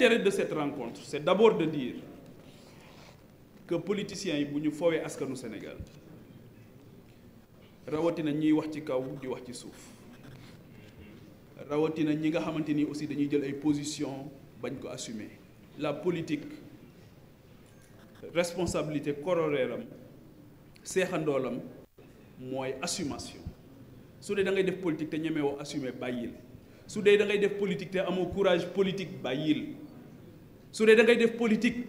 l'intérêt de cette rencontre c'est d'abord de dire que politiciens yi bu ñu foowee askanu Sénégal rawatina ñiy wax ci kaw di wax ci suuf rawatina ñi nga xamante ni aussi dañuy jël ay position bañ ko assumer la politique responsabilité corollaire am seexandoolam mooy assumation su dee da ngay def politique te ñemewoo assumer bàyyil su dee da ngay def politique te amoo courage politique bàyyil su dee dangay def politique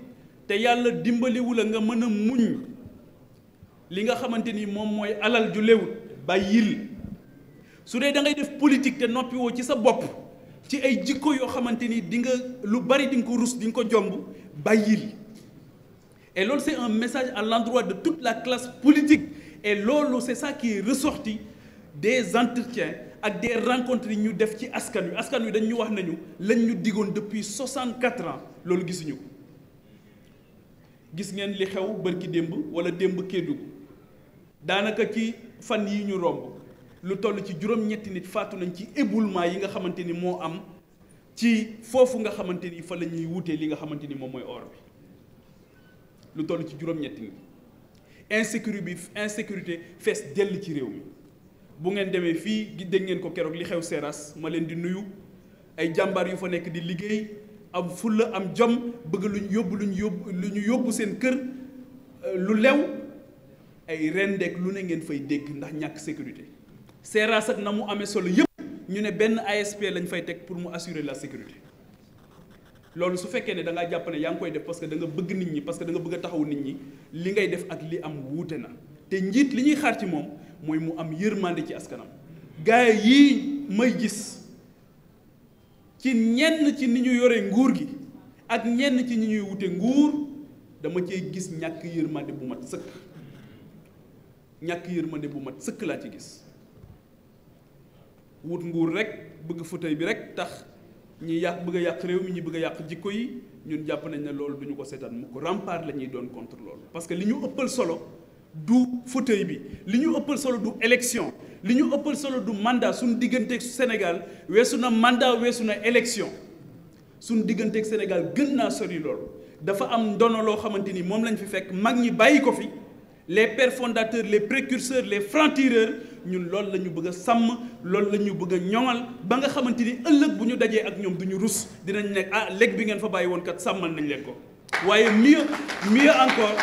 te yàlla dimbaliwu la nga mën a muñ li nga xamante ni moom mooy alal ju léwut bàyyil su dee da ngay def politique te noppiwoo ci sa bopp ci ay jikko yoo xamante ni dinga lu bari di nga ko rus di nga ko jomb bàyyil et loolu c'est un message à l'endroit de toute la classe politique et loolu c'est ça qui des entretiens ak des rencontres yi ñu def ci askan wi askan wi dañu ñu wax nañu lañ ñu digoon depuis 64 ans loolu gisuñu ko gis ngeen li xew bërki démb wala démb Kédougou daanaka ci fan yi ñu romb lu toll ci juróom-ñetti nit faatu nañ ci éboulement yi nga xamante ni moo am ci foofu nga xamante ni fa la ñuy wutee li nga xamante ni moom mooy or bi lu toll ci juróom-ñetti nit insécurité bi insécurité fees dell ci réew mi bu ngeen demee fii gi dégg ngeen ko keroog li xew Seras ma leen di nuyu ay jàmbaar yu fa nekk di liggéey am fulla am jom bëgg lu ñu yóbbu lu ñu yóbbu lu ñu yóbbu seen kër euh, lu lew ay rendeek lu ne ngeen fay dégg ndax ñàkk sécurité Seras ak na mu amee solo yëpp ñu ne benn ASP lañ fay teg pour mu assurer la sécurité loolu su fekkee ne danga ngaa yaa ngi koy def parce que da nga bëgg nit ñi parce que da nga bëgg a taxaw nit ñi li ngay def ak li am wuute na te njiit li ñuy xaar ci moom. mooy mu am yërmande ci askanam gaay yii may gis ci ñenn ci ni ñu yore nguur gi ak ñenn ci ñi ñuy wute nguur dama cee gis ñàkk yërmande bu mat sëkk ñàkk yërmande bu mat sëkk laa ci gis wut nguur rek bëgg fauteuil bi rek tax ñi yàq bëgg a yàq réew mi ñi bëgg yàq jikko yi ñun jàpp nañ ne loolu duñu ko seetaan mu ko rempart la ñuy doon contre loolu parce que li ñu ëppal solo du fauteuil bi li ñu ëppal solo du élection li ñu ëppal solo du mandat suñu digganteeg Sénégal weesu na mandat weesu na élection suñu digganteeg Sénégal gën naa sori loolu dafa am ndono loo xamante ni moom lañ fi fekk mag ñi bàyyi ko fi les pères fondateurs les précurseurs les francs-tireurs ñun loolu la ñu bëgg a sàmm loolu la ñu bëgg a ñoŋal ba nga xamante ni ëllëg bu ñu dajee ak ñoom du ñu rus dinañ nekk ah léeg bi ngeen fa bàyyi woon sàmmal nañu leen ko. waaye mieux mieux encore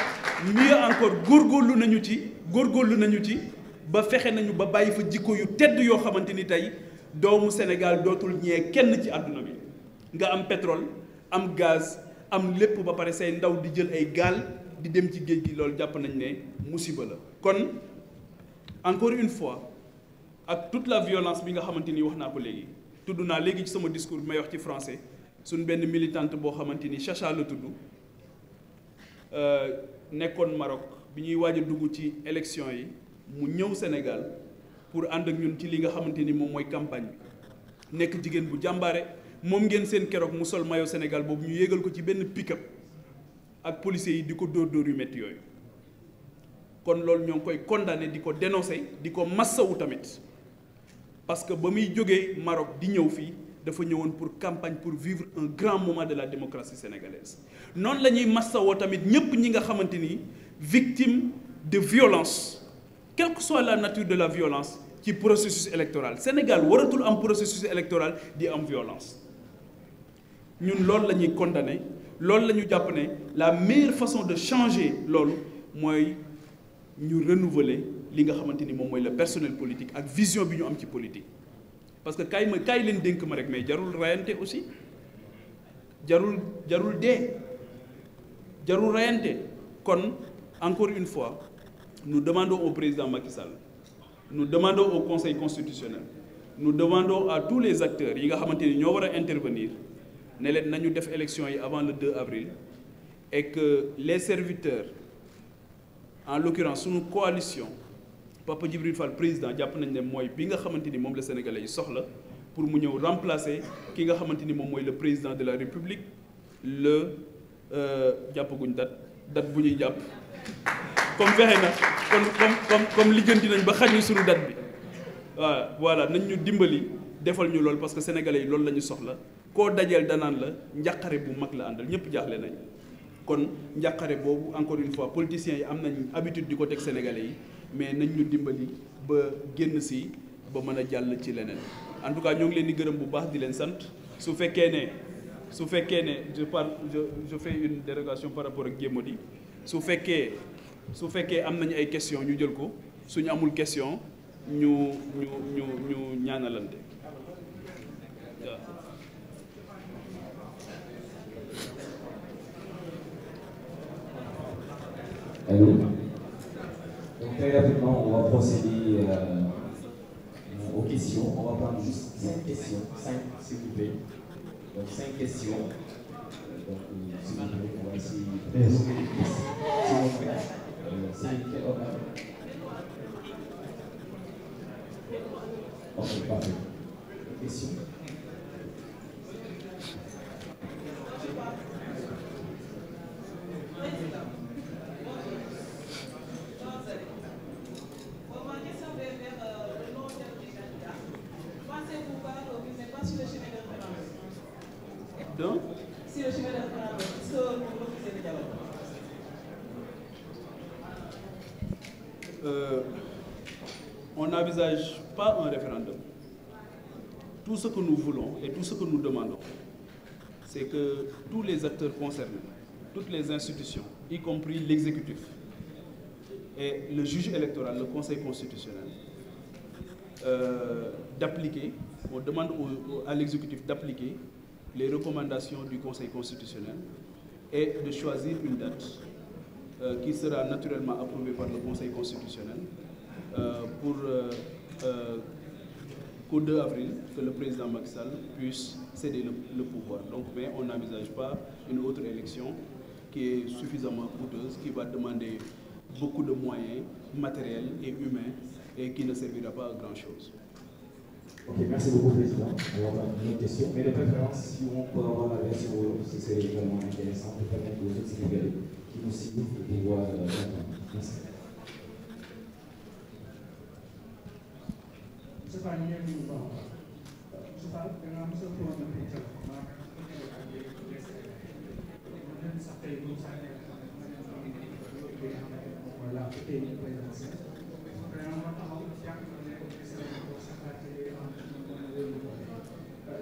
mieux encore góorgóorlu nañu ci góorgóorlu nañu ci ba fexe nañu ba bàyyi fa jikko yu tedd yoo xamante ni tey doomu Sénégal dootul ñee kenn ci àdduna bi nga am pétrole am gaz am lépp ba pare say ndaw di jël ay gaal di dem ci géej gi loolu jàpp nañ ne musiba kon encore une fois ak toute la violence bi nga xamante ni wax naa ko léegi tudd naa léegi ci sama discours bi ci français suñ benn militante boo xamante ni Chacha la tudd Euh, nekkoon Maroc bi ñuy waaj dugg ci élection yi mu ñëw Sénégal pour ànd ak ñun ci li nga xamante ni moom mooy campagne bi nekk jigéen bu jàmbaare moom ngeen seen keroog mu sol mayo Sénégal boobu ñu yéegal ko ci benn pick-up ak policiers yi di ko dóor dóor yu métti yooyu kon loolu ñoo ngi koy condamné di ko dénoncé di ko massawu tamit parce que ba muy jógee Maroc di ñëw fii dafa ñëwoon pour campagne pour vivre un grand moment de la démocratie sénégalaise noonu la ñuy massawoo tamit ñëpp ñi nga xamante ni victime de violence quelle que soit la nature de la violence ci processus électoral Sénégal waratul am processus électoral di am violence ñun loolu la ñuy condamné loolu la ñu jàpp ne la meilleure façon de changer loolu mooy ñu renouveler li nga xamante ni moom mooy le personnel politique ak vision bi ñu am ci politique parce que kaay ma kaay leen dénk ma rek mais jarul rayante aussi jarul jarul dee jarul rayante kon encore une fois nu demandons au président Macky Sall nous demandons au conseil constitutionnel nu demando à tous les acteurs yi nga xamante ni ñoo war a intervenir ne leen ñu def élection yi avant le 2 avril et que les serviteurs en l'occurrence sunu coalition Papa Djibril Fall président jàpp nañ ne mooy bi nga xamante ni moom la sénégalais yi soxla pour mu ñëw remplacer ki nga xamante ni moom mooy le président de la république le euh, jàppaguñ dat dat bu ñuy jàpp comme fexe na kon comme comme comme lijjanti nañ ba xañu suñu dat bi waa voilà nañ ñu dimbali defal ñu loolu parce que sénégalais yi loolu la soxla koo dajeel danaan la njaqare bu mag la àndal ñëpp jaaxle nañ kon njàqare boobu encore une fois politiciens yi am nañ habitude di ko teg sénégalais yi mais nañ ñu dimbali ba génn si ba mën a jàll ci leneen en tout cas ñoo ngi leen di gërëm bu baax di leen sant su fekkee ne su fekkee ne je parle je je fais une dérogation par rapport ak Gémodi su fekkee su fekkee am nañu ay question ñu jël ko suñu amul question ñu ñu ñu ñaanalante Donc très rapidement, on va procéder euh, aux questions. On va prendre juste 5 questions. 5, s'il vous plaît. Donc 5 questions. Donc, euh, s'il vous plaît, on va essayer de résoudre les questions. S'il vous plaît. 5 euh, Ok, parfait. Questions Euh, on n'envisage pas un référendum. Tout ce que nous voulons et tout ce que nous demandons, c'est que tous les acteurs concernés, toutes les institutions, y compris l'exécutif et le juge électoral, le conseil constitutionnel, euh, d'appliquer, on demande au, à l'exécutif d'appliquer les recommandations du conseil constitutionnel et de choisir une date euh, qui sera naturellement approuvée par le Conseil constitutionnel euh, pour euh, euh qu'au 2 avril, que le président Macky Sall puisse céder le, le, pouvoir. Donc, mais on n'envisage pas une autre élection qui est suffisamment coûteuse, qui va demander beaucoup de moyens matériels et humains et qui ne servira pas à grand-chose. Ok, merci beaucoup, Président. Alors, euh, une autre question. Mais de préférence, si on peut avoir la version Wolof, ce serait également intéressant pour permettre aux autres Sénégalais qui nous suivent de voir la euh, Merci. Je parle bien du mouvement. Je parle de la mission pour le développement. Voilà, c'était une présentation. Vraiment, on a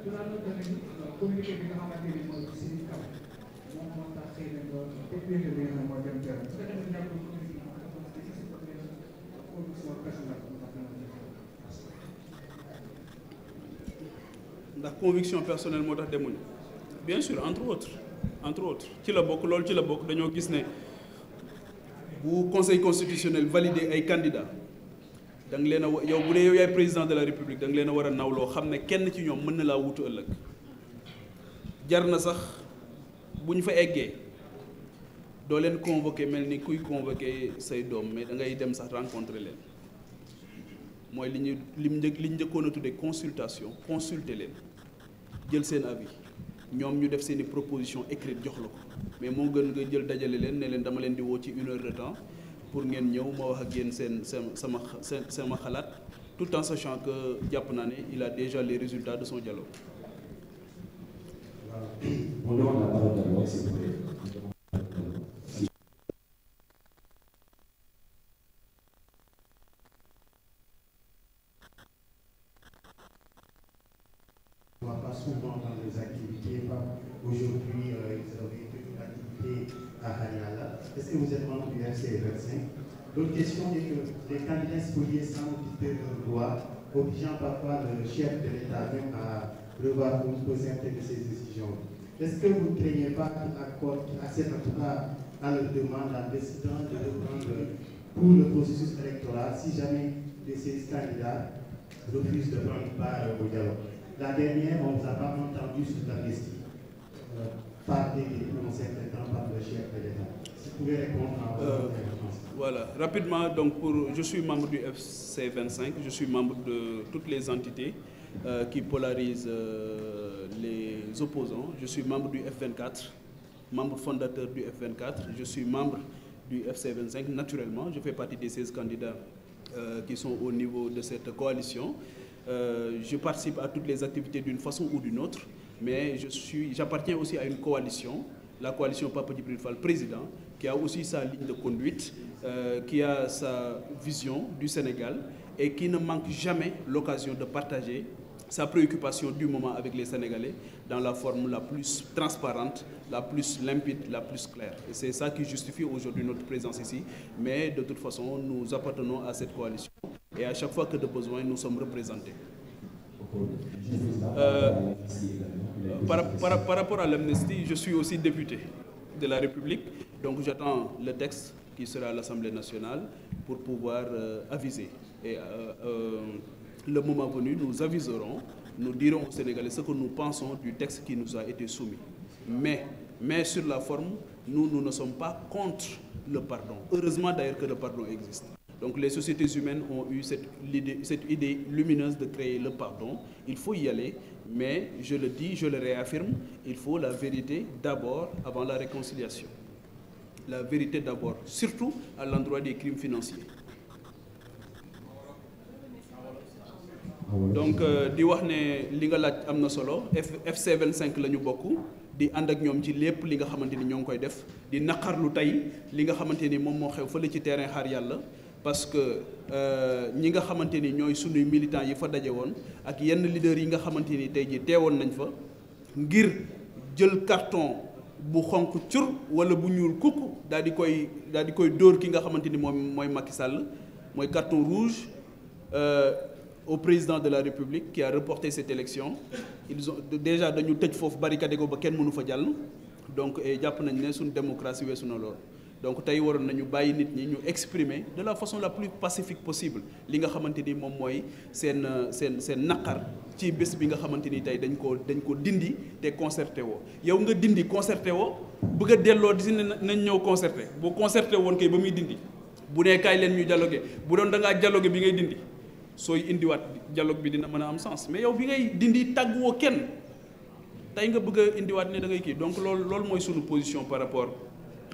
ci la ñu demee moo tax xëy na dem terrain su fekkee ne bien sûr entre autres entre autres ci la bokk loolu ci la bokk dañoo gis ne bu conseil constitutionnel validé ay candidats da nga leen a yow bu dee yow yaay président de la république da leen a war a nawloo xam ne kenn ci ñoom mën na laa wutu ëllëg jar na sax bu ñu fa eggee doo leen convoqué mel ni kuy convoqué say doom mais dangay dem sax rencontrer leen mooy li ñu li ñu li ñu njëkkoon a tuddee consultation consulter leen jël seen avis ñoom ñu def seen i proposition écrite jox la ko mais moo gën nga jël dajale leen ne leen dama leen di woo ci une heure temps. pour ngeen ñëw ma wax ak yéen seen seen sama seen sama xalaat tout en sachant que jàpp naa ne il a déjà les résultats de son dialogue. question des, des candidats spoliés sans auditer leurs droits, obligeant parfois le chef de l'État même à revoir un peu certaines de ses décisions. Est-ce que vous ne pas qu'ils accèdent à leur demande en décidant de reprendre pour le processus électoral si jamais de ces candidats refusent de prendre part au dialogue La dernière, on ne vous a pas entendu sur l'amnistie, euh, par chef de l'État. Si vous pouvez répondre en euh, Voilà, rapidement, donc pour, je suis membre du FC25, je suis membre de les entités euh, qui euh, les opposants. Je membre du F24, membre fondateur du F24, je du FC25 naturellement, je fais partie des 16 candidats euh, au niveau de cette coalition. Euh, je participe à toutes les activités d'une façon ou d'une je suis, j'appartiens aussi à une la coalition Papa Djibril Fall président qui a aussi sa ligne de conduite euh, qui a sa vision du Sénégal et qui ne manque jamais l'occasion de partager sa préoccupation du moment avec les Sénégalais dans la forme la plus transparente, la plus limpide, la plus claire. Et c'est ça qui justifie aujourd'hui notre présence ici. Mais de toute façon, nous appartenons à cette coalition et à chaque fois que de besoin, nous sommes représentés. Euh, par, par, par rapport à l'amnistie, je suis aussi député de la République, donc j'attends le texte qui sera à l'Assemblée nationale pour pouvoir euh, aviser. Et euh, euh, le moment venu, nous aviserons, nous dirons aux Sénégalais ce que nous pensons du texte qui nous a été soumis. Mais, mais sur la forme, nous, nous ne sommes pas contre le pardon. Heureusement d'ailleurs que le pardon existe. Donc les sociétés humaines ont eu cette idée, cette idée lumineuse de créer le pardon. Il faut y mais je le dis, je le réaffirme, il faut la vérité d'abord avant la réconciliation. La vérité d'abord, surtout à l'endroit des crimes financiers. donc euh, di wax ne li nga laaj am na solo F FC 25 la ñu bokk di ànd ak ñoom ci lépp li nga xamante ni ñoo ngi koy def di naqarlu tey li nga xamante ni moom moo xew fële ci terrain xaar yàlla parce que euh, ñi nga xamante ni ñooy sunuy militants yi fa daje woon ak yenn leaders yi nga xamante ni tey jii teewoon nañ fa ngir jël carton bu xonq cur wala bu ñuul kukk daal di koy daal di koy dóor ki nga xamante ni moom mooy Macky Sall mooy carton rouge euh, au président de la République qui a reporté cette élection ils ont déjà dañu tëj foofu barricade ko ba kenn mënu fa jàll donc jàpp nañ ne suñu démocratie weesu na lool. donc tey waroon nañu bàyyi nit ñi ñu exprimer de la façon la plus pacifique possible li nga xamante ni moom mooy seen seen seen naqar ci bés bi nga xamante ni tey dañ ko dañ ko dindi te concerté woo yow nga dindi concerté woo bëgg a delloo di si ne nañ ñëw concerté boo concerté woon kay ba muy dindi bu nee kaay leen ñu dialogué bu doon da ngaa dialogué bi ngay dindi sooy indiwaat dialogue bi dina mën a am sens mais yow bi ngay dindi tàgg woo kenn tey nga bëgg a indiwaat ne da ngay kii donc loolu loolu mooy sunu position par rapport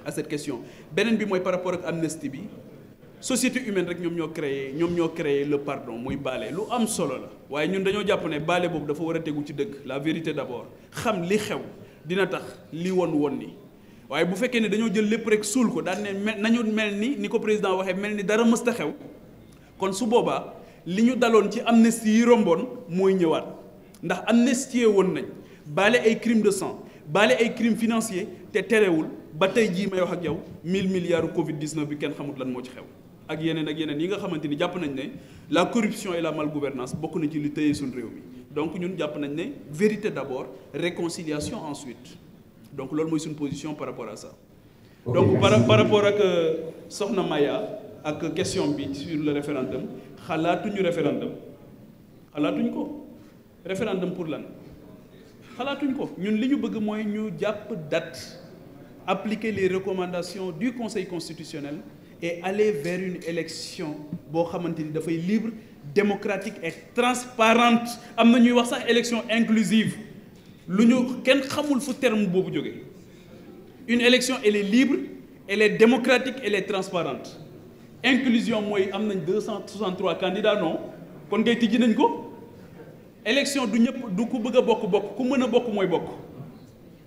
à cette question beneen bi mooy par rapport ak amnistie bi société humaine rek ñoom ñoo créé ñoom ñoo créé le pardon muy baale lu am solo la waaye ñun dañoo jàpp ne baale boobu dafa war a tegu ci dëgg la vérité d'abord xam li xew dina tax li woon woon ni waaye bu fekkee ne dañoo jël lépp rek suul ko daan ne mel nañu mel ni ni ko président waxee mel ni dara mësta xew kon su boobaa li ñu daloon ci amnistie yi romboon mooy ñëwaat ndax amnistié woon nañ baale ay de sang baale ay crime financier te terewul ba tey jii ma wax ak yow 1000 milliards Covid 19 bi kenn xamut lan moo ci xew ak yeneen ak yeneen yi nga xamante ni jàpp nañ ne la corruption et la malgouvernance bokk na ci li tëye suñ réew mi donc ñun jàpp nañ ne vérité d'abord réconciliation ensuite donc loolu mooy suñ position par rapport a ça. donc par par rapport ak euh, Soxna Maya ak question bi sur le référendum xalaatuñu référendum xalaatuñ ko référendum pour lan xalaatuñ ko ñun li ñu bë mooy ñu jàpp date. appliquer les recommandations du Conseil constitutionnel et aller vers une élection boo xamante ni dafay libre démocratique et transparente am na ñuy wax sax élection inclusive lu ñu kenn xamul fu terme boobu jógee une élection elle est libre elle est démocratique elle est transparente inclusion mooy am nañ deux cent soixante-trois candidats kon ngay tijji nañ ko élection du ñëpp du ku bëgg a bokk bokk ku mën a bokk mooy bokk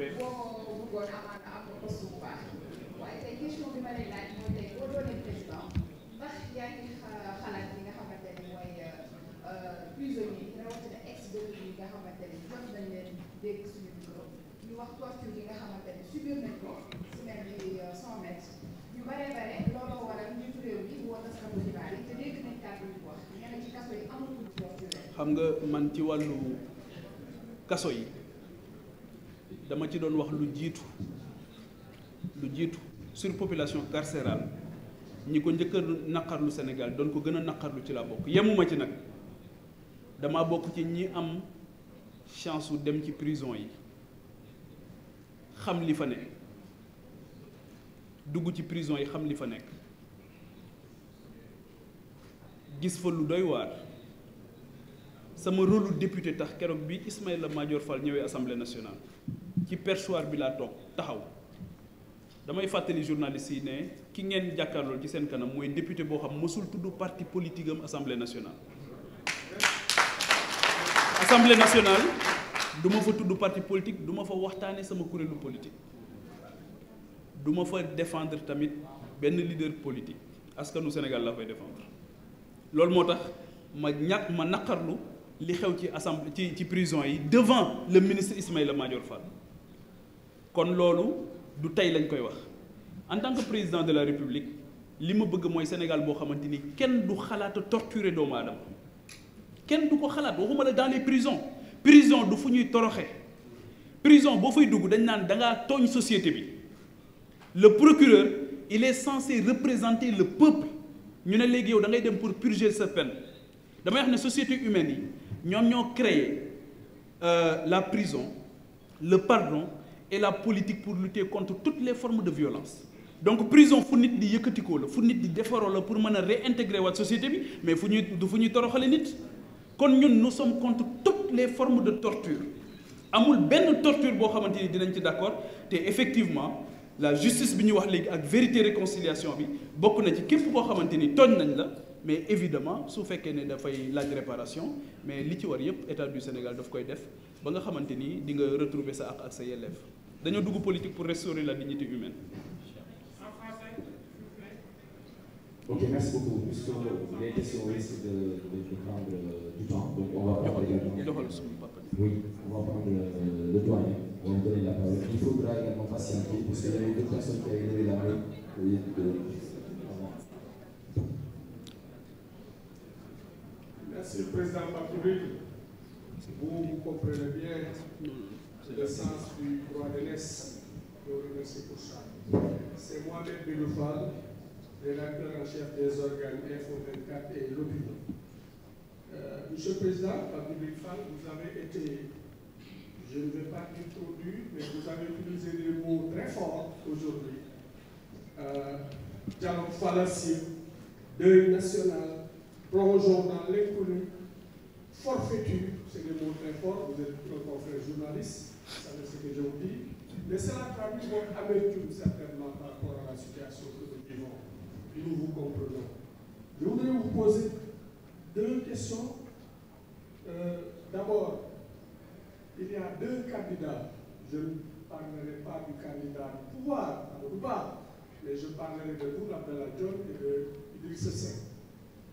boo ko bëggoon amaan am na poste bu baax waaye tey question bi ma lay laaj mooy tey boo doonee président ndax yaa ngi xalaat yi nga xamante mooy prisonniers yi nga xamante ne jot nañ leen dégg suñu ne subir nañ ko su bare looloo waral ñu réew yi woo taskatu xibaar yi te dégg nañ kàddu yu wax nee na ci kaso yi amul torture xam nga man ci wàllu kaso yi dama ci doon wax lu jiitu lu jiitu population carcérale ñi ko njëkk a naqarlu Sénégal doon ko gën a naqarlu ci la bokk yemuma ci nag dama bokk ci ñi am chance su dem ci prison yi xam li fa ne dugg ci prison yi xam li fa nekk gis fa lu doy waar sama rôle député tax keroog bi la Madior fal ñëwee assemblée nationale ci perchoir bi laa toog taxaw damay fàttali journaliste yi ne ki ngeen jàkkaarlool ci seen kanam mooy député boo xam mësul tudd parti politique am assemblée nationale. assemblée nationale duma fa tudd parti politique du ma fa waxtaane sama kuréelu politique du ma fa tamit benn leader politique askanu Sénégal laa fay défendre loolu moo tax ma ñàkk ma naqarlu li xew ci assemblée ci ci prison yi devant le ministre Ismaïla Madior Fall. kon loolu du tey lañ koy wax en tant que président de la république li ma bëgg mooy Sénégal boo xamante ni kenn du xalaat a torturer doomu aadama kenn du ko xalaat waxuma la dans les prisons prison du fu ñuy toroxe prison boo fay dugg dañ naan da tooñ société bi le procureur il est censé représenter le peuple ñu ne léegi yow da ngay dem pour purger sa peine damay wax ne société humaine yi ñoom ñoo créer euh, la prison le pardon et la politique pour lutter contre toutes les formes de violence donc prison fu nit di yëkkatikoo la fu nit di defaroo la pour mën a réintégrer waat société bi mais fu ñuy du fu ñuy toroxale nit kon ñun nous sommes contre toutes les formes de torture amul benn torture boo xamante ni dinañ ci d'accord te effectivement la justice bi ñuy wax léegi ak vérité réconciliation bi bokk na ci képp koo xamante ni tooñ nañ la mais évidement su fekkee ne dafay laaj réparation mais li ci war yëpp état du Sénégal daf koy def ba xamante ni di nga retrouver sa àq ak sa yelleef dañoo dugg politique pour restaurer la dignité humaine. ok merci beaucoup puisque euh, les questions risquent de de de prendre du temps donc on va prendre également oui on va prendre euh, le doyen on va donner la parole il faudra également patienter parce qu'il y a deux personnes qui avaient levé la main Merci président Pape Djibril, vous comprenez bien le sens du droit de l'aise. Je vous en chef des organes Info 24 et l'opinion. Euh, Monsieur le Président, Biloufal, vous avez été, je ne vais pas dire mais vous avez utilisé des mots très forts aujourd'hui. Euh, dialogue fallacieux, deuil national, plongeons dans l'inconnu, forfaiture, c'est des mots très forts, vous êtes un confrère journaliste. ça c'est ce que je vous dis. Mais cela traduit votre amertume certainement par rapport à la situation que nous vivons. Et Je voudrais vous poser deux euh, D'abord, il y a deux Je ne parlerai pas du candidat du pouvoir, à mais je parlerai de vous, Abdallah John et de Idriss Seck,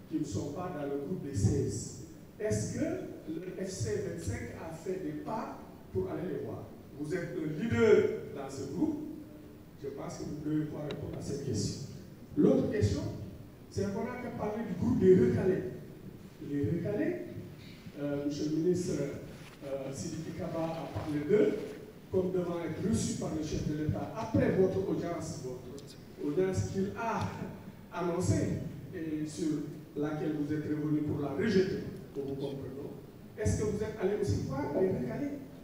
qui ne sont pas dans le groupe des 16. Est-ce que le FC25 a fait des pas pour aller les voir. Vous êtes le leader dans ce groupe. Je pense que vous devez pouvoir à cette question. L'autre question, c'est qu'on a parlé du groupe des recalés. Les recalés, euh, ministre euh, Sidiki Kaba a parlé comme devant être reçu par le chef de l'État après votre audience, votre audience qu'il a annoncée et sur laquelle vous êtes revenu pour la rejeter, pour vous comprenons. Est-ce que vous êtes allé aussi voir les recalés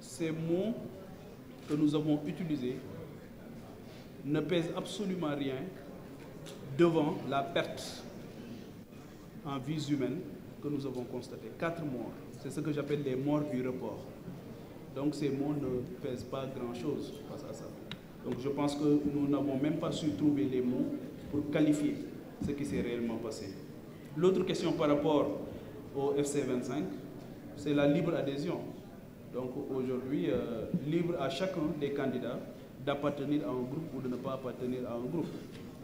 ces mots que nous avons utilisés ne pèsent absolument rien devant la perte en vies humaines que nous avons constatée. Quatre morts, c'est ce que j'appelle les morts du report. Donc ces mots ne pèsent pas grand-chose face à ça. Donc je pense que nous n'avons même pas su trouver les mots pour qualifier ce qui s'est réellement passé. L'autre question par rapport au FC25, c'est la libre adhésion. Donc aujourd'hui, euh, libre à chacun des candidats d'appartenir à un groupe ou groupe.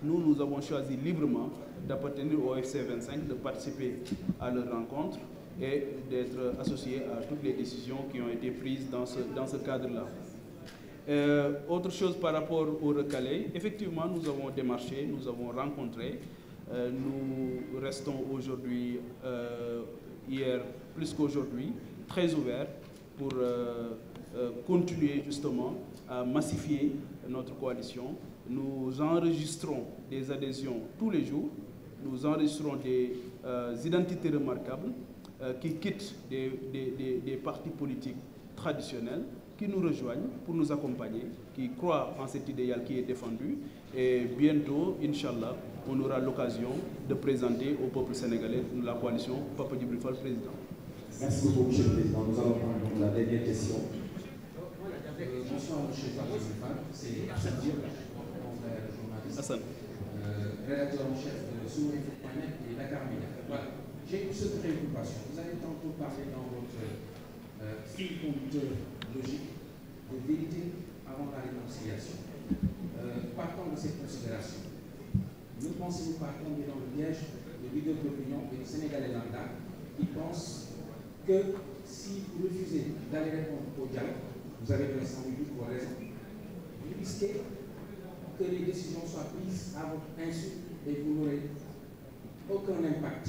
Nous, nous avons choisi librement d'appartenir au FC25, de participer à leur rencontre et d'être associés à toutes les décisions qui ont été prises dans ce, dans ce cadre euh, par rapport au recalé, effectivement, nous démarché, nous avons rencontré, euh, nous restons aujourd'hui, euh, hier plus qu'aujourd'hui, très ouverts pour euh, euh, continuer justement à massifier notre coalition. Nous enregistrons des adhésions tous les jours. Nous enregistrons des euh, identités remarquables qui quittent des, des, des, des partis politiques traditionnels qui nous rejoignent pour nous accompagner, qui croient en cet idéal qui est défendu. Et bientôt, Inch'Allah, on aura l'occasion de présenter au peuple sénégalais la coalition Papa Djibril président. Merci beaucoup, Monsieur le Président. Nous allons prendre donc la dernière question. Euh, bonsoir, Monsieur C'est Hassan journaliste. Hassan. Euh, rédacteur en chef de Souris Planète et Dakar Media. Voilà. J'ai une seule préoccupation. Vous avez tantôt parlé dans votre euh, fil conducteur logique de vérité avant la réconciliation. Euh, partant de cette considération, ne pensez-vous pas tomber dans le piège de leader d'opinion et le Sénégalais lambda que si vous refusez d'aller répondre au dialogue, vous avez bien sans doute vos raisons, vous risquez que les décisions soient prises à votre et vous n'aurez aucun impact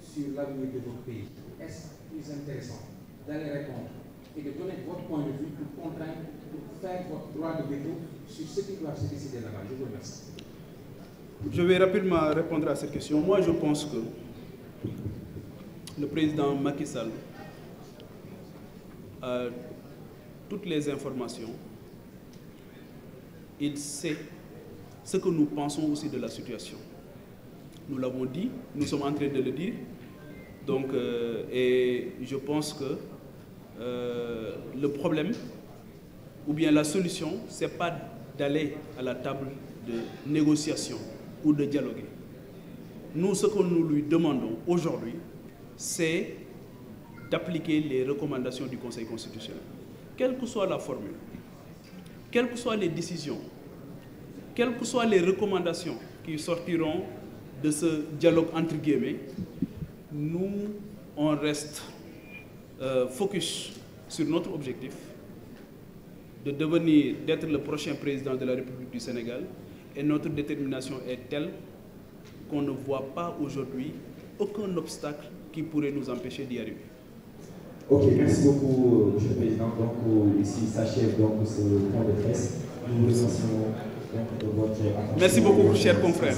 sur l'avenir de votre pays. Est-ce plus intéressant d'aller répondre et de donner votre point de vue pour contraindre, pour faire votre droit de veto sur ce qui doit se décider là-bas Je vous remercie. Je vais rapidement répondre à cette question. Moi, je pense que le président Macky Sall a euh, toutes les informations. Il sait ce que nous pensons aussi de la situation. Nous l'avons dit, nous sommes en train de le dire. Donc, euh, et je pense que euh, le problème, ou bien la solution, c'est pas d'aller à la table de négociation ou de dialoguer. Nous, ce que nous lui demandons aujourd'hui, c'est d'appliquer les recommandations du Conseil constitutionnel. Quelle que soit la formule, quelles que soient les décisions, quelles que soient les recommandations qui sortiront de ce dialogue entre guillemets, nous, on reste euh, focus sur notre objectif de devenir, d'être le prochain président de la République du Sénégal. Et notre détermination est telle qu'on ne voit pas aujourd'hui aucun obstacle qui pourrait nous empêcher d'y arriver. Ok, merci beaucoup, euh, Monsieur le Président. Donc, euh, ici s'achève donc ce point de presse. Nous vous remercions donc de votre attention. Merci beaucoup, chers confrères.